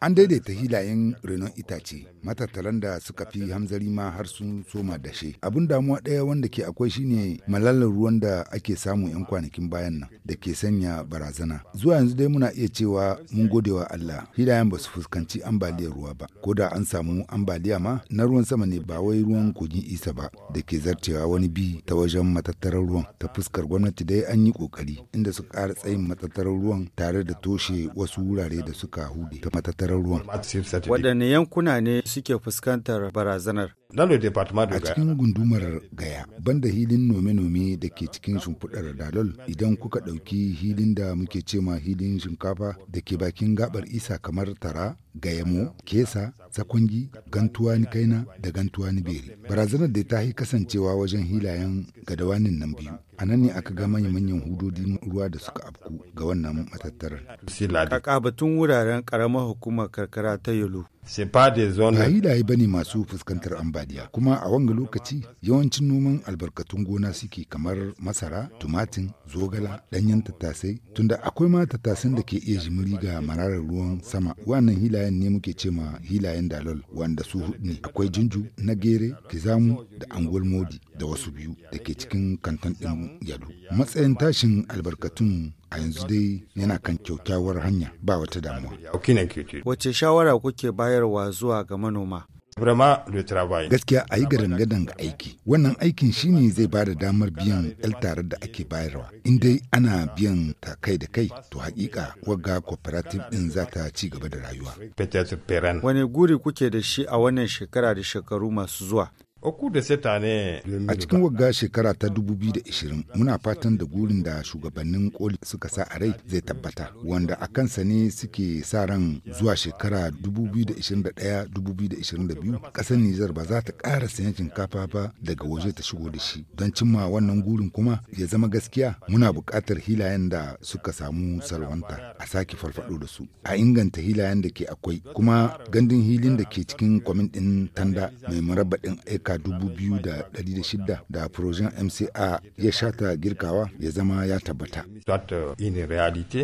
An daidaita hilayen renon itace, matattaran da suka fi hamzari ma har sun soma dashe. Abin damuwa ɗaya wanda ke akwai shine malalar ruwan da ake samu 'yan kwanakin bayan nan da ke sanya barazana. Zuwa yanzu dai muna iya cewa mun gode wa Allah, hilayen ba su fuskanci ambaliyar ruwa ba. Ko da an samu ambaliya ma na ruwan sama ne ba wai ruwan kogin isa ba da ke zartewa wani bi ta wajen matattarar ruwan. Ta fuskar gwamnati dai an yi ƙoƙari inda su ƙara tsayin matattarar ruwan tare da toshe wasu wurare da suka hude ta matattarar ruwan. Waɗanne yankuna ne suke fuskantar barazanar? A cikin gundumar Gaya, banda hilin nome-nome da ke cikin shimfiɗar Dalol, idan kuka ɗauki hilin da muke cema hilin shinkafa da ke bakin gabar isa kamar tara, gayamo, kesa, sakwangi, gantuwa ni kaina da gantuwa ni beri. Barazanar da ta yi kasancewa wajen hilayen gadawanin nan biyu. A nan ne aka ga manya-manyan hudodin ruwa da suka afku ga wannan matattarar. Kakabatun wuraren ƙaramar hukumar karkara ta Yolo. ba hilaye ba ne masu fuskantar ambaliya kuma a wanga lokaci yawancin noman albarkatun gona suke kamar masara tumatin zogala danyen tattasai tunda akwai ma tattasan da ke iya jimiri ga mararar ruwan sama wannan hilayen ne muke ce ma hilayen dalol wanda su hudu ne akwai jinju na gere kizamu da angol modi da wasu biyu da ke cikin kantan ɗin yadu matsayin tashin albarkatun a yanzu dai yana kan kyautawar hanya ba wata damuwa. Wace shawara kuke bayarwa zuwa ga manoma? Gaskiya a yi gadon ga aiki. Wannan aikin shine zai ba da damar biyan yal tare da ake bayarwa. In dai ana biyan ta kai da kai, to haƙiƙa wagga cooperative ɗin za ta ci gaba da rayuwa. wane guri kuke da shi a wannan shekara da shekaru masu zuwa? Oku da seta ne. A cikin wagga shekara ta 2020 muna fatan da gurin da shugabannin koli suka sa a rai zai tabbata wanda a kansa ne suke sa ran zuwa shekara 2021-2022 ƙasar Nijar ba za ta ƙara sayan shinkafa ba daga waje ta shigo da shi. Don cimma wannan gurin kuma ya zama gaskiya muna buƙatar hilayen da suka samu salwanta a sake farfaɗo da su. A inganta hilayen da ke akwai kuma gandun hilin da ke cikin kwamin tanda mai ɗin aika dubu 2006 da projen mca ya shata girkawa ya zama ya tabbata uh,